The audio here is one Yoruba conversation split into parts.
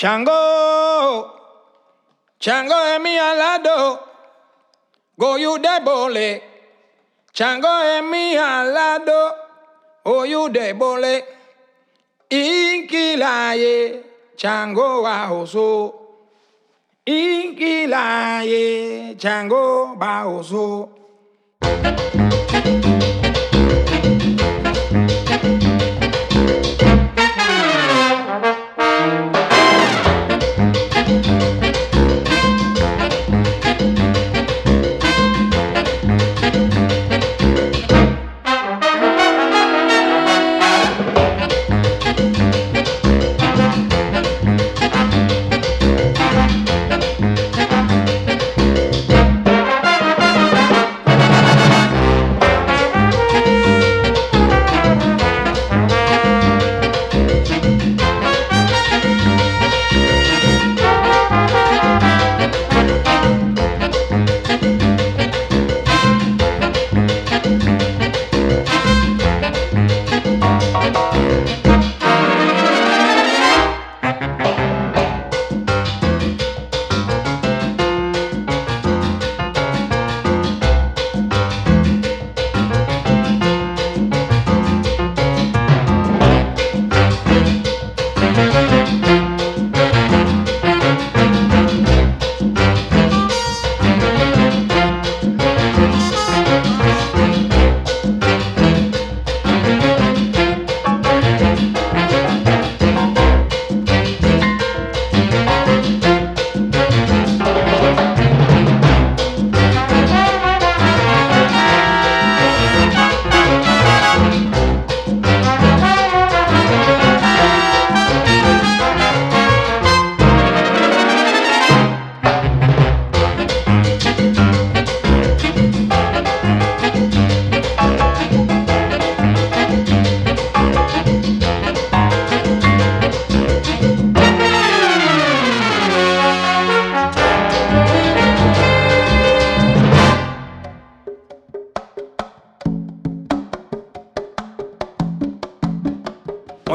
Chango, Chango es mi alado, go you de bole. Chango emi mi alado, oh you de bole. Inquilaye, Chango bajoso. Inkilaye, Chango bajoso.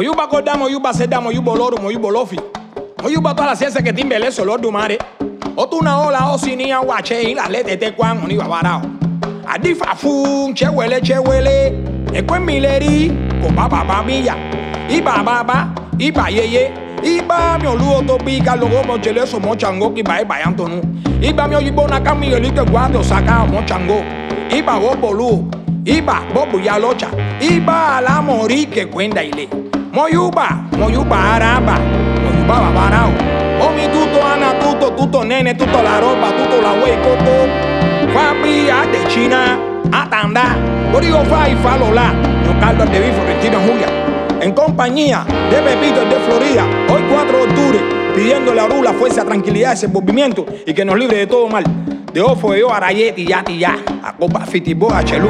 moyuba koda moyuba seda moyuba oloro moyuba olofi moyuba toda la ciencia que timbe leso olor du mare otuna ola o osinia wache ila lete te un iba babarao adifa fun chewele eco en mileri ko baba bamiya iba baba iba ye ye, iba mi olu otopika logo mochele so mochango iba bai bai antonu iba mi oyibo na kamiyelito guado saka mochango iba wo bolu iba bobo ya locha iba a la mori que cuenta y ile Moyuba, Moyuba Araba, Moyuba Babarao. Omi tuto ana tuto, tuto nene, tuto la ropa, tuto la hueco coco. Papi de China, atanda. borigo fa y falola. Yo Carlos de Bifo, Julia. En compañía de Pepito de Florida, hoy 4 de octubre, pidiéndole a Rula fuerza, tranquilidad, ese movimiento y que nos libre de todo mal. De Ofo, yo, Arayeti, Yati, Ya, a Copa Fitibo, a Chelú.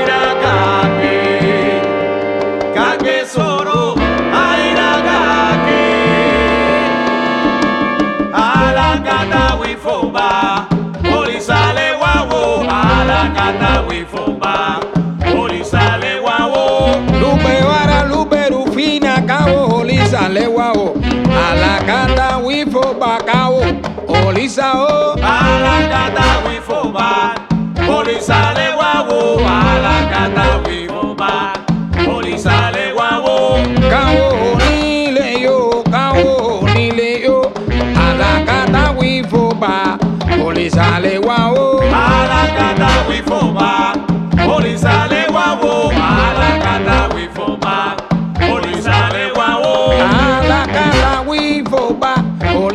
bakao, olisa lewao, alakata wifo bakao, olisa o, oh. alakata wifo ba, olisa lewao, alakata wifo ba, olisa lewao, kao yo, kao yo, wifo ba, olisa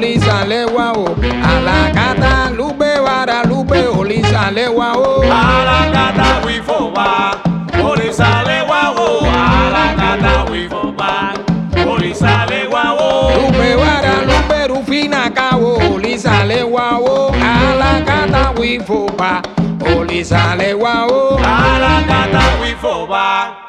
olisa lẹ́wà o àlàkàtà lùgbé wàrà lùgbé olisa lẹ́wà o. àlàkàtà wí fò wá olisa lẹ́wà o àlàkàtà wí fò wá olisa lẹ́wà o. lùgbé wàrà lùgbé rufina ká o olisa lẹ́wà o àlàkàtà wí fò wá olisa lẹ́wà o. àlàkàtà wí fò wá.